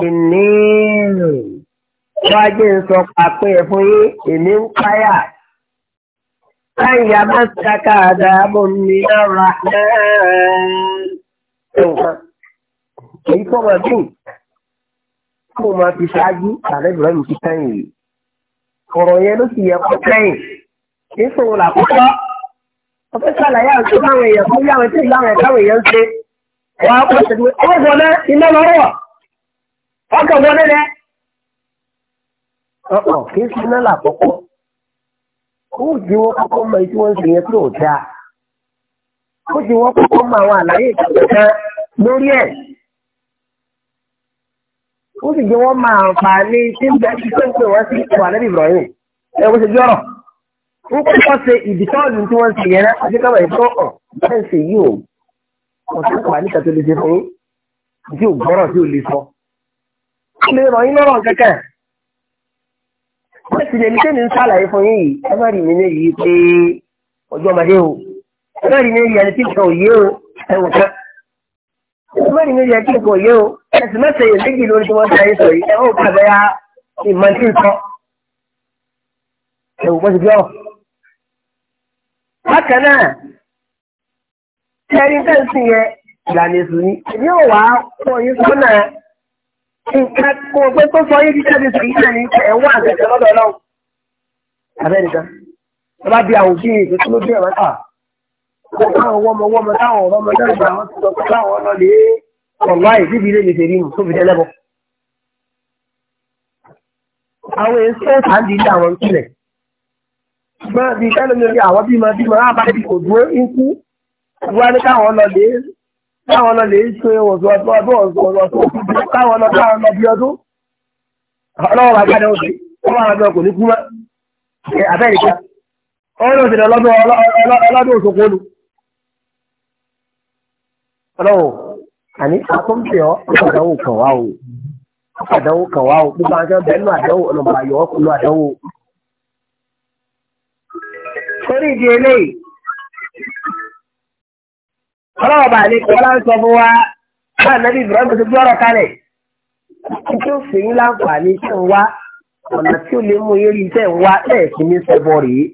ìníìrùn wájú ń sọ pàpẹ́ fún yín èmi ń páyà. Láyà má sàkà àdàbò mi lọ́ra náà. Èyí tó máa dùn kó máa fi ṣáájú ààrẹ Ibrahim ti sẹ́yìn yìí. Ọ̀rọ̀ yẹn ló sì yẹ kó sẹ́yìn. Nísòwò làkúkọ́. Ọ̀fẹ́ sàlàyé àti báwọn èèyàn fún bí àwọn tí ìlú àwọn ẹ̀káwọn ń ṣe wàá kọ́ ṣẹ̀dúwé ọwọ́ náà iná lọ́rọ̀ ọkọ̀ wọlé rẹ̀ ọ̀pọ̀ kí n sinmi ó di wọn kọ́kọ́ mọ tí wọ́n ń sìn yẹn tó dáa ó di wọn kọ́kọ́ mọ àwọn àlàyé ìtàkùnká lórí ẹ̀ ó sì jẹ́ wọ́n máa àǹfààní tí tí ń sìn ọ̀sẹ̀ pàá níta tó lè ṣe fún yín tí ò gbọ́rọ̀ tí ò lè sọ. ó lè ràn yín lọ́rọ̀ kẹ́kẹ́. wọ́n ti lè ní ń ṣàlàyé fún yín yìí ẹ má rí mi ní yìí pé ọjọ́ ọmọdé o ẹ má rí mi ní yìí ẹni tí nǹkan yé o ẹ wò kán. ẹ má rí mi ní yìí ẹni tí nǹkan yé o ẹ sì má méjì lórí tí wọ́n ṣàyè sọ yìí ẹ ó kà kẹrin tẹ́ǹsì yẹn ìlànà ni èmi wá kọ yín sọ́nà nǹkan kó o pé tó sọ yín kíkẹ́ ní sèyí náà ní ẹ̀ wá àgbẹ̀sẹ̀ lọ́dọ̀ náà abẹ́nìkan ẹ bá bí àwọn òbí tó ló bí ẹ̀rọ kà kó káwọn wọ́mọwọ́mọ táwọn ọ̀rọ̀mọ náà gbà wọ́n ti sọ pé káwọn ọ̀nà lè ọ̀lá ìdíbi ilé ìṣèlú nù tó fi dẹ́lẹ́bọ. àwọn èso tàbí ilé àwọn ìpìlẹ̀ ṣùgbọ́n bí kálọ̀ mi àwọn bímọ bímọ wá ní káwọn lọ lè káwọn lọ lè ṣe ọ̀sọ̀ ọ̀sọ̀ ọdún ọ̀sọ̀ ọ̀sọ̀ káwọn lọ káwọn lọ bí ọdún ọlọ́wọ́ bá jáde òsì wọ́n máa lọ kò ní kú mọ́ abẹ́rìkà ọ̀rọ̀ òsì lọ́dún ọlọ́dún òsòkò ọlọ́wọ́ àní àkóńtì ọ àdánwò kan wá o àdánwò kan wá o gbogbo àjọ bẹ́ẹ̀ nù àdánwò ọlọ́mọ ayọ̀ ọkùnrin àdánwò. torí ìdí eléyìí ọlọ́wọ́ bá ní kọ́lá ń sọ fún wa bá nàbí Ibrahim tó gbé ọ̀rọ̀ kalẹ̀ tí ó fi yín láǹfààní tí ń wá ọ̀nà tí ó lè mú yín rí iṣẹ́ ń wá lẹ́ẹ̀kí ní sẹ́bọ rèé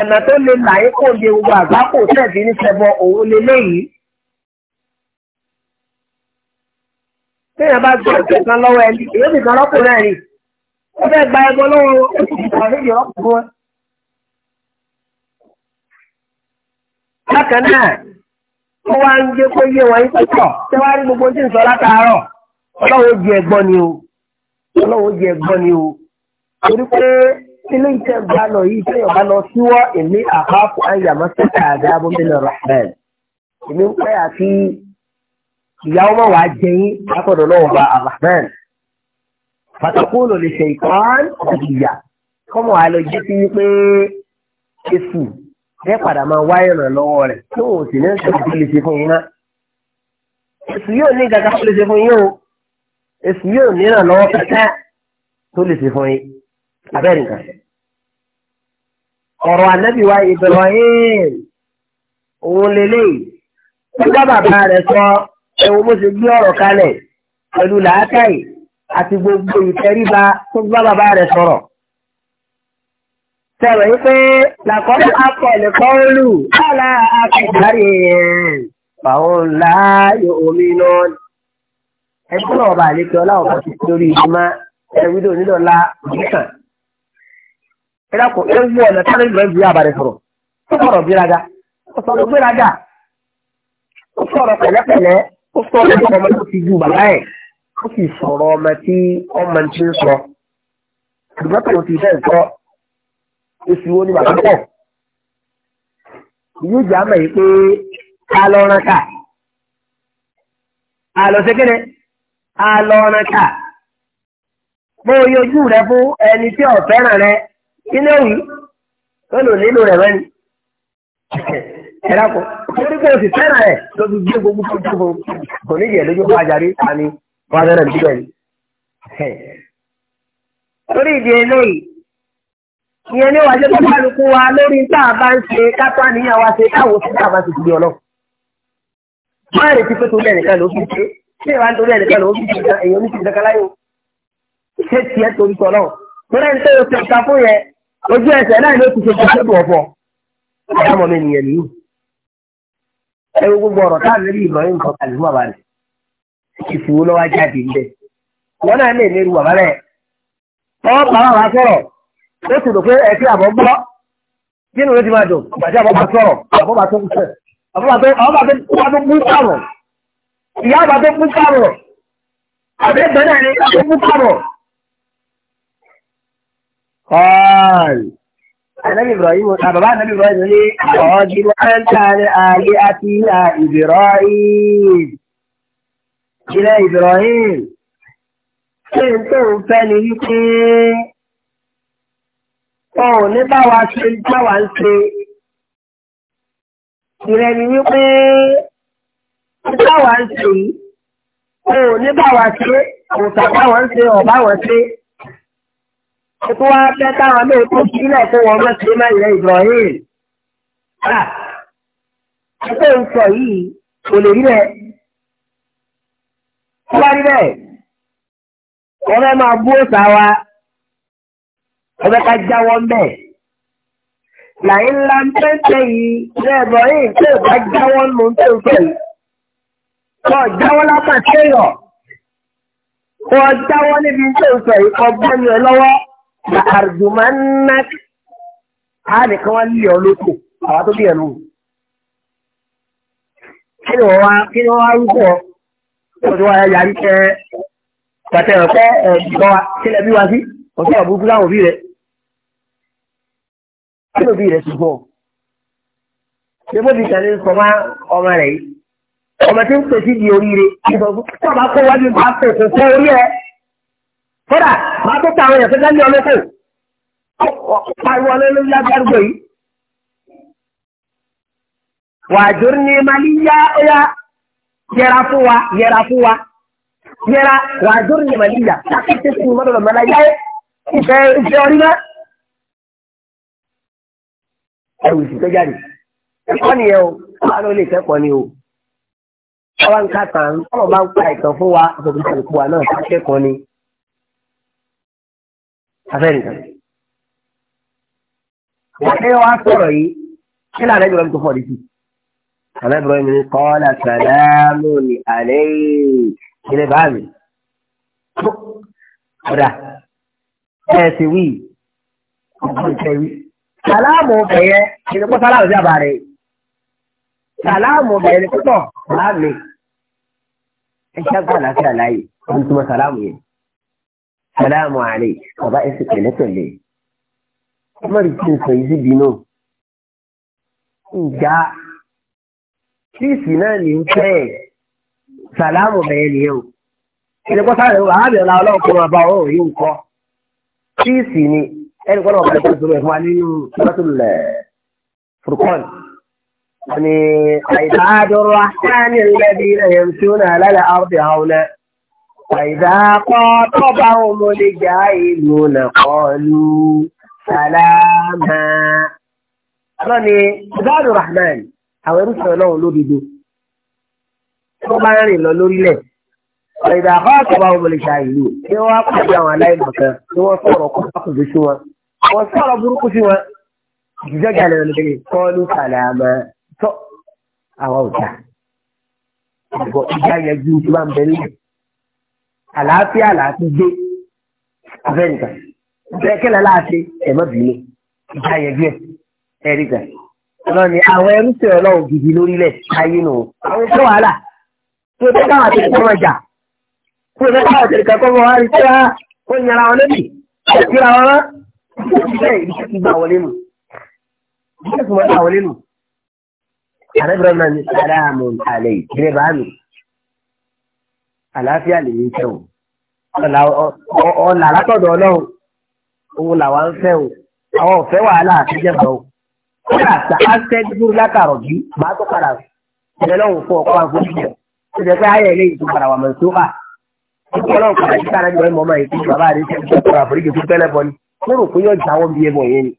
ọ̀nà tó lè là yín kó de gbogbo àgbákò tẹ̀sí ní sẹ́bọ òun leléyìí. téèyàn bá gbé ọ̀sẹ̀ kan lọ́wọ́ ẹ̀ èyí nìkan rọ́pò náà ni ó fẹ́ gba ẹgbẹ́ lọ́wọ́ ó sì bákan náà ó wá ń gbé pé yé wọn yín pọ̀ ṣé wàá rí gbogbo tí ń sọ látàárọ̀ ọlọ́wọ́ di ẹ̀gbọ́n ni o ọlọ́wọ́ di ẹ̀gbọ́n ni o torí pé ilé iṣẹ́ gbà lọ yìí tí yọ̀bá lọ síwọ́ èmi àpapọ̀ àyàmọ́ sẹ́ta àdá abúlé rahman èmi ń pẹ́ àti ìyàwó mọ̀ wá jẹyìn látọ̀dọ̀ náà wà rahman fatakúlò lè ṣe ìkan àti ìyà kọ́mọ̀ àlọ́ jẹ́ sí wípé èsù ẹ padà máa wá ìrànlọ́wọ́ rẹ̀ tí wọn ò sì ní sọ̀rọ̀ tó lè ṣe fún yín náà. èsù yóò ní gàgà tó lè ṣe fún yín o èsù yóò ní ìrànlọ́wọ́ kẹta tó lè ṣe fún yín abẹ́rẹ́ nǹkan. ọ̀rọ̀ ànábì wa Ibrahim òun lélẹ́yìí tó bàbá rẹ̀ sọ ẹ̀wọ̀n bó ṣe gbé ọ̀rọ̀ kalẹ̀ pẹ̀lú làákàyè àti gbogbo ìtẹríba tó bá bàbá rẹ̀ sọ̀rọ̀. Sọ̀rọ̀ yí pé làkọ́lù akọ̀lù kọ́ọ̀lù lọ́la akọ̀dárí fàwọn ńlá omi náà. Ẹgbẹ́ náà bá àlékè ọláwọ̀ kan ti sí lórí ìgbìmá ẹ̀wídò nílọ́lá òjìkàn. Ẹ dákun ẹ wú ọ̀nà tálẹ́ ìlú ẹ̀bí àbàrẹ̀ sọ̀rọ̀. Ó sọ̀rọ̀ gbéraga. Ó sọ̀rọ̀ gbéraga. Ó sọ̀rọ̀ pẹ̀lẹ́pẹ̀lẹ́. Ó sọ̀rọ̀ ọmọ tó ti oṣù wo ni bàbá pọ̀ yóò jà mọ̀ yìí pé a lọ ran ká a lọ sékéde a lọ ran ká mo yọjú rẹ fún ẹni tí ò fẹ́ràn rẹ kí ni òwì tó lò nílò rẹ mẹ́ni ẹ̀rọ kò torí pé o sì fẹ́ràn rẹ tó fi gbé gbogbo fún fún kò ní jẹ́ lójú fún ajarí ta ni wọ́n fẹ́ràn níbẹ̀ ni. torí ìdí eléyìí ìyẹn ní wàá jẹ́ tó kálukú wa lórí tá a bá ń ṣe kápá níyàn wa ṣe káwọ́ sí tá a bá ti dìde ọlọ́ máa retí pé torí ẹnìkan ló fi ṣe ṣé ìwà nítorí ẹnìkan ló fi ṣe èyàn ní ṣìṣẹ́ kaláyò ṣé tiẹ̀ torí tọ́lọ́ torí ẹni tó yọ sí ọ̀ka fún yẹn ojú ẹsẹ̀ náà ló ti ṣe ṣe ṣẹ́dùn ọ̀fọ̀ ọmọ mi nìyẹn nìyí ẹ gbogbo ọ̀rọ̀ táà lórí Ibrahim ó sì rò pé ẹ̀kí àbọ̀ gbọ́ kí ni olóòtú máa dùn àbàjẹ́ àbọ̀ bá sọ̀rọ̀ àbọ̀ bá tó ń sẹ̀ àbọ̀ bá tó mú sàrọ̀ ìyá àbá tó mú sàrọ̀ àbẹ́gbẹ́ náà ni a tó mú sàrọ̀. Ọ̀ọ́ọ̀lù Ànábì Ibrahim àbàbá Ànábì Ibrahim ní ọ̀ọ́dì wọ́n tààrí ààyè àti ìyá Ibrahim. Ilẹ̀ Ibrahim ṣé n tó ń fẹ́ ni wípé ọ̀hún ní báwa ṣe báwa ń ṣe ìrẹ́ ni wípé báwa ń ṣe yìí ọ̀hún ní báwa ṣe òòtà báwa ń ṣe ọ̀bá wọn ṣe ètò wa fẹ́ táwọn náà kó sílẹ̀ fún wọn mọ́ sí mẹ́rin Ibrahim ẹgbẹ́ ń sọ yìí kò lè rí bẹ́ẹ̀ kó rí bẹ́ẹ̀ wọ́n fẹ́ máa bú òòtà wa ọbẹ̀ ká jáwọ́ mbẹ̀. Làyé ńlá ń tẹ́tẹ́ yìí lẹ́ẹ̀bọ̀ yìí tó o bá jáwọ́ nù tó o fẹ́ yìí. Kọ́ jáwọ́ lápàtẹ́ yọ̀. Kọ́ jáwọ́ níbi tó o fẹ́ yìí kọ́ bọ́ni ọ lọ́wọ́. Nà àrùjùmá ń ná. A nìkan wá lé ọ lóko, àwa tó bí ẹnu. Kí ni wọ́n wá kí ni wọ́n wá rúkọ? Ó ti wá yàrá kẹ́ pàtẹ́ ọ̀pẹ́ ẹ̀ gbọ́ wa sílẹ̀ bí wa sí. Ọ̀sẹ̀ ọ̀bùkún láwọn òbí rẹ̀ kí òbí rẹ̀ ti gbọ́. Ṣébóbi kan ní sọ máa ọmọ rẹ̀ yìí. Ọmọ tí ń pè sí di oríire. Tí ọba kó wájú bá pè kò kó orí ẹ. Kódà máa tó ta àwọn èèyàn fẹ́fẹ́ ní ọlọ́kọ̀. Pariwo ọlọ́lọ́lọ́ lágbárúgbó yìí. Wàjúr ní Màlíyá ọ̀yá yẹra fún wa yẹra fún wa. Yẹra wàjúr ní Màlíyá. Tákìtì sí mọ́tò lọ́mọdé láyé. Ìfẹ́ ìfẹ́ orí náà ẹrù sì tó jáde ẹ̀kọ́ nìyẹn o wọn ló lè kẹ́kọ̀ọ́ ni o wọn ń kàtà ń wọn bá ń pa ìtàn fún wa àtọkùn ìsàlùkù wa náà ká kẹ́kọ̀ọ́ ni afẹ́nìkan. wọ́n ní wọ́n á sọ̀rọ̀ yìí kí lànà ìjọba tó fọ̀ dé sí. àná ìbúrọ̀ mi ní kọ́lá sàlámù ní àlẹ́ ìṣẹ̀lẹ̀ bá mi. ọ̀dà ẹ̀ ṣe wí ọ̀gbọ́n ṣe wí. sàlámù bẹ̀yẹ ìdíkọ́ sálámù sí àbá rẹ̀ sálámù bẹ̀rẹ̀ púpọ̀ láàmì ẹ̀ṣẹ́ àgbà láfíà láàyè wọ́n túmọ̀ sálámù yẹn sálámù àlè ọba ẹ̀sìn pẹ̀lẹ́pẹ̀lẹ́ ọmọ rẹ̀ ti ń sọ yìí síbi náà ìjà tíìsì náà ní fẹ́ sàlámù bẹ̀rẹ̀ nìyẹn o ẹnìkan sáré wa á bẹ̀rẹ̀ ọlọ́run kó máa bá yìí ń kọ́ tíìsì ni ẹnìkan náà bẹ̀rẹ̀ فرقان يعني عباد الرحمن الذين يمشون على الأرض هولا وإذا خاطبهم الجاهلون قالوا سلاما يعني عباد الرحمن àwọn ẹrú sọ̀rọ̀ náà lódodo tó bá rìn lọ lórílẹ̀ ọ̀rẹ́dà àkọ́kọ̀ọ́bá ọmọlẹ́ṣà ìlú tí wọ́n á pàdé àwọn aláìmọ̀kan tí wọ́n sọ̀rọ̀ kọ́kọ́ sí wọn wọ́n sọ̀rọ̀ burúkú sí wọn Ìjọ́gà lọ́wọ́ nígbèrè kọ́ọ̀lù kàlàmà tọ́ àwọn ọ̀tá. Ìgbọ̀ ìjà yanjú tí wọ́n ń bẹ nílẹ̀. Àlàáfíà làáfi gbé abẹ́nìkan. Bẹ́ẹ̀kẹ́lẹ́ láti ẹ̀mọ́ bìí ni ìjà yanjú ẹ̀ ẹ̀ríkà. Ọlọ́ni àwọn ẹrúsẹ̀ ọlọ́run gidi lórílẹ̀ ayé nù. Àwọn tó wàhálà tó tẹ́ káwọn àti ìkọ́ ọjà. Tó tẹ́ káwọn àti ìkọ́ ọmọ wa rí sí wa ah, ó nyara wọn lóbì. Ìjọba wọn ìgbà wọlé nù bí ẹ̀sùn wọn àwọn nínú àrẹ́bìrán náà ní sàlámù àlẹ́ ìkírẹ́ bá mi àlàáfíà lè ní fẹ́ o ọ̀là látọ̀dọ̀ ọlọ́run òun làwa ń fẹ́ o àwọn ọ̀fẹ́ wàhálà àtijọ́bọ̀ o kódà tá a ṣẹ́gun látàrọ̀ bí màá tó padà ẹ̀rẹ́ lọ́hùn fún ọkọ̀ àgbóṣìṣẹ́ ó jẹ́ pé ayẹyẹ lè tún padà wà mọ̀ tó hà ọlọ́run padà sí sára ìgbọ̀n mọ́mọ́ yìí fún bàbá rẹ̀ ṣe ń àforíjì fún tẹ́lẹ̀ bọ́ rò pé yóò jáwọ́ bí ẹbọ yẹn ni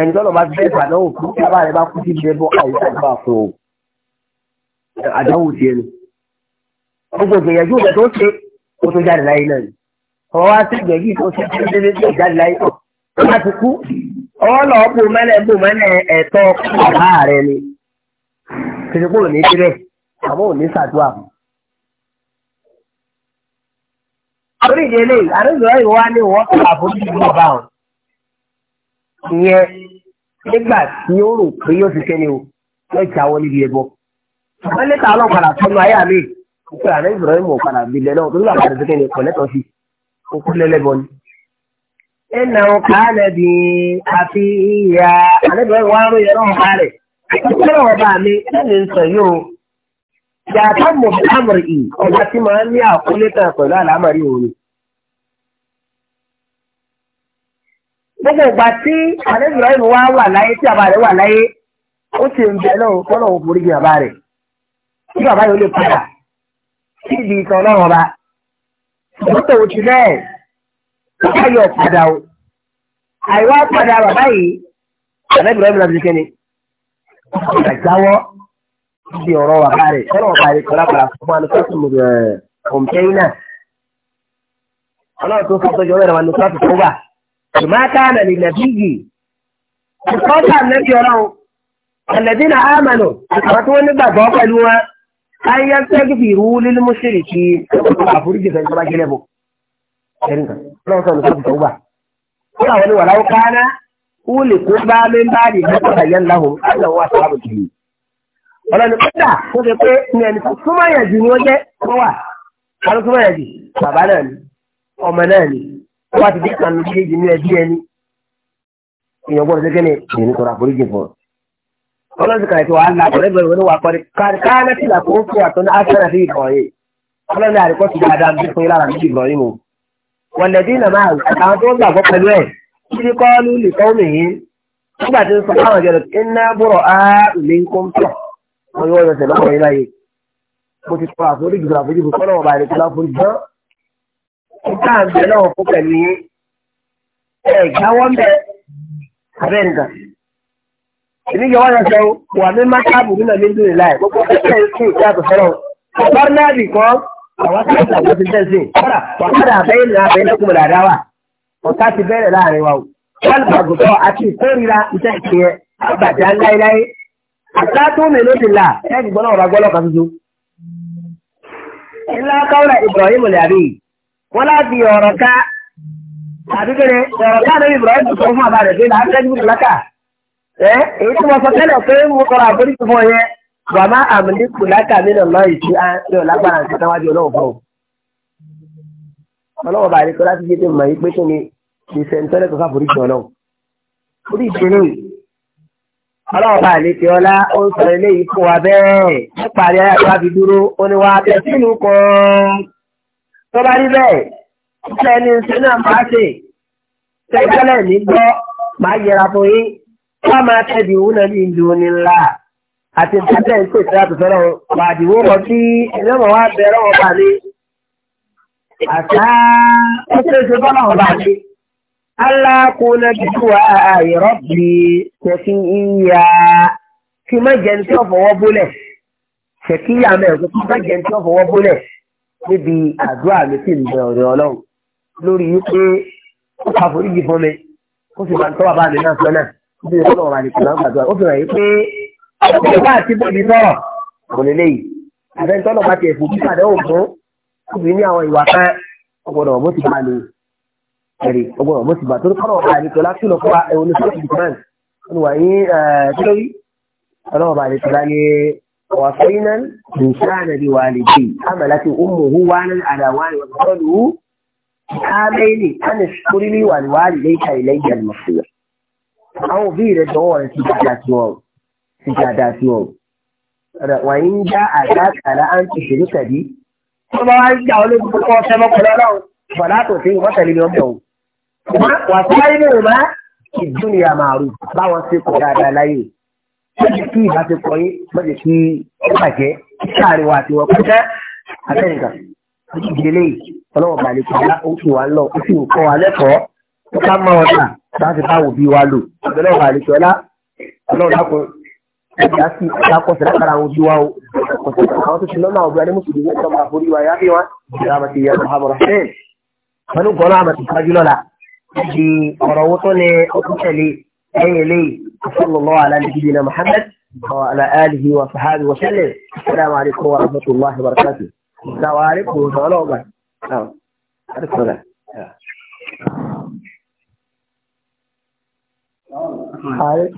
ẹni tọ́lọ̀ bá bẹ́ẹ̀ bà náà òkú tí bá rẹ̀ bá kú sí bẹ́ẹ̀ bọ́ àìsàn bá fún o àdáwò tiẹ̀ ni gbogbo ìgbìyànjú rẹ̀ tó ṣe kó tó jáde láyé náà ni ọwọ́ á sì gbẹ̀yìn tó ṣe kí ló dé tó jáde láyé náà ó bá ti kú ọwọ́ lọ́ọ́ bò mẹ́lẹ̀ bò mẹ́lẹ̀ ẹ̀tọ́ bàbá rẹ̀ ni kìsì kúrò ní tirẹ̀ àmọ́ ò ní sàdúrà fún. orí ìdílé àdúgbò ìwọ wá ní ìyẹn nígbà tí ó rò pé yóò ti kẹ́ni o yóò já wọ níbi ẹbọ. wọ́n lé ta ọlọ́run padà sọ́nu ayé àmì ìpè àná ìbùrọ̀lẹ́ mọ̀ padà náà tó nígbà padà tó kẹ́ni kọ̀ lẹ́tọ̀ sí okú lẹ́lẹ́bọ ni. ẹnà kàánà bí àfi ìyá àlẹ́bẹ̀rẹ̀ wà ń ròyìn náà bá ìpínlẹ̀ ọba mi ẹni ń sọ yóò yàtọ̀ mọ̀ àmọ̀rì ọba tí gbogbo ìgbà tí àlejò ìlú wa wà láyé tí àbá rẹ̀ wà láyé ó ti ń bẹ lọ́wọ́ kọ́lọ̀ òfurufú jìn àbá rẹ̀ kí bàbá yóò lè padà sí ibi ìtàn ọlọ́run ọba mọ́tò ò ti bẹ́ẹ̀ bàbá yóò padà o àìwá padà bàbá yìí àlejò ìlú àti kẹ́ni ọ̀gá jáwọ́ ibi ọ̀rọ̀ bàbá rẹ̀ kọ́lọ̀ ọba rẹ̀ kọ́lá padà fún wa ní kọ́sùmù kọ̀ǹtẹ́ínà eh, ọlọ́run tó fọ́ ìmáta nàní nàbí yìí ìkọ́sà nàbí ọlọ́run àlẹ́bí nà ámàlò àwọn tí wọ́n nígbàgbọ́ pẹ̀lú wọn ayé tẹ́gì fi rú lílú mùsùlùmí kí àforíjì fẹ́ ìjọba jẹ́lẹ̀ bò. ẹ̀rín kan lọ́wọ́ sọ̀rọ̀ sọ́kùn tó wà. ó làwọn ní wàláwó káná ó lè kó bá mẹ́mbà rè mẹ́tọ́ta yẹn láhùn láwọn wà sábà jù yìí. ọ̀rọ̀ ní kọ́dà ó ṣe pé ní ẹni tó súnmọ́ wọ́n bá ti dé kànú méjèèjì ní ẹbí ẹni èèyàn gbọ́dọ̀ gẹ́gẹ́ ní èmi tọrọ àforíjì fún ọ. ọlọ́sì kan ètò wàhálà ọ̀rẹ́bẹ̀rẹ̀ wọn wà pọ̀rí káàná sí ìlà kó fún àtọ́ ní ására sí ìkọ̀ yìí ọlọ́ni àríkọ́ ti dáadáa bí fún ìlànà méjì lọ yìí o. wọn lẹ́dí ìnàmá àwọn tó ń gbàgbọ́ pẹ̀lú ẹ̀ kíri kọ́ ní lìkọ́ nìyín nígbà tí ń sọ fáwọn jẹrọ iná búrọ̀ á lè ń kó ń tọ̀ wọn yóò yọ ìta àgbẹ̀ náà fún pẹ̀lú yín ẹ̀ gbáwọ́ mẹ́ abẹ́ nǹkan. Èmi yọ wá lọ́sẹ̀ wà ní Mákàbù nínú mi lórí láì gbogbo ẹgbẹ́ sí ìta àtò fẹ́ràn. Bárnáàdì kan àwọn tí wọ́n tàbí ti tẹ̀sí. Kọ́dà wàkàdà àbẹ́yìn náà àbẹ́yìn lọ́kùnrin dáadáa wà. Ọ̀tá ti bẹ̀rẹ̀ láàrin wa o. Kálùbàgùtọ̀ àti ìkórira iṣẹ́ ìṣẹ́ àgbàjá láéláé. Àtàtúmì ló ti là ẹ̀ gbọ́dọ̀ ọ̀rọ̀ agbọ́lọ̀ kan tuntun. Ilá káwọ́lá Ibrahim Làbíyì wọ́n láti ọ̀rọ̀ ká àdúgbèrè ọ̀rọ̀ ká lórí ìbúrọ̀ ẹ̀dùn fún àbá rẹ̀ pé láàkẹ́jú lákà ẹ èyí tí mo sọ tẹ́lẹ̀ pé mo kọ́ra àforíjì fún ọ yẹn wà má àmì kù lákà nínú ọ̀nà ìtì àárẹ̀ lágbára nǹkan táwájú ọlọ́wọ́ fún ọ. ọlọ́wọ́ bàálẹ̀ kọ́ láti yéte mọ̀ pé kí ni ìfẹ́ ntọ́lẹ̀ kọ́kọ́ àforíjì ọlọ́wọ́ orí ìdúró ọlọ́wọ́ bàálẹ̀ kí ọlá ó ń sọ eléyìí fún wa bẹ́ẹ̀ nípa àríyá tó bá rí bẹ́ẹ̀ ṣe ẹni ṣe náà máa ṣe tẹ́tẹ́lẹ̀ ní gbọ́ máa yẹra fún yín wọ́n máa tẹ̀dí òun náà ní ìlú onílà àti tẹ́tẹ́ ń pèsè àtúntò náà pàdé wọ́n sí ẹ̀rọ mọ̀ wá bẹ̀rẹ̀ wọn pàdé àṣà ó ṣe é ṣe bọ́lá wọn pàdé. Allah ko na bituwa a ayi rabbi shafi'iyya kí má jẹ́ ní tí ó fọwọ́ bólẹ̀ ṣèkíyà mẹ́rin kí má jẹ́ ní tí ó fọwọ́ bólẹ̀ níbi àdúrà mi sì ń bẹ ọ̀rẹ́ ọlọ́run lórí wípé ó pa foríjì fún mi ó sì máa ń tọ́wọ́ bá mi náà sọ́nà ó sì ń tọ́wọ́ bá mi kùnà gbàdúrà ó fi hàn yín pé ọ̀gá àti bẹ́ẹ̀ni sọ̀rọ̀ kò lè léyìí àbẹ́ntọ́nà bá tiẹ̀ fìdí padà òògùn ó fi ní àwọn ìwà kan ọgbọ́dọ̀ ọ̀bọ̀ ti bá lè ẹ̀rí ọgbọ́dọ̀ ọ̀bọ̀ ti bá torí kọ́nà ọ̀bà àlejò lásìlọ̀ fún wa ẹ̀wọ̀n ní sọ́ọ̀tì dìtìmán ọ̀nùwà وصينا إنسانا بوالديه حملته أمه وانا على وان وفصله عامين أن اشكر لي ولوالديك إلي المصير أو في ردوان تجادات يوم تجادات يوم وإن جاء على أن تشرك بي فما يجعل لك بقوة ما قلنا فلا تطيع مثل اليوم يوم وصينا ما في الدنيا معروف لا وصيك هذا لا يوم láti kí ìbáṣepọ̀ yé lọ́jọ́ sí ọ̀bàjẹ́ láàrin wa àti wọn pẹ́ẹ́ àtẹnìkan ojú ìdílé yìí ọlọ́wọ́ balẹ̀kọ̀ ọ̀la ó sì wà lọ ó sì kọ́ wa lẹ́kọ̀ọ́ tó ká mọ́ ọ̀dà láti bá òbí wa lò ọ̀dọ́lọ́wọ́ balẹ̀kọ̀ ọ̀la ọlọ́wọ́ dákun ẹ̀dá sí ìdákọ̀sẹ̀ látara àwọn òbí wa o kọ̀sẹ̀ àwọn tó ti lọ́nà òbí adé mùsùlùmí tó máa forí wa yábí wa wọn ẹ̀yìn eléyìí صلى الله على نبينا محمد وعلى آله وصحابه وسلم السلام عليكم ورحمة الله وبركاته السلام عليكم ورحمة الله وبركاته نعم السلام نعم.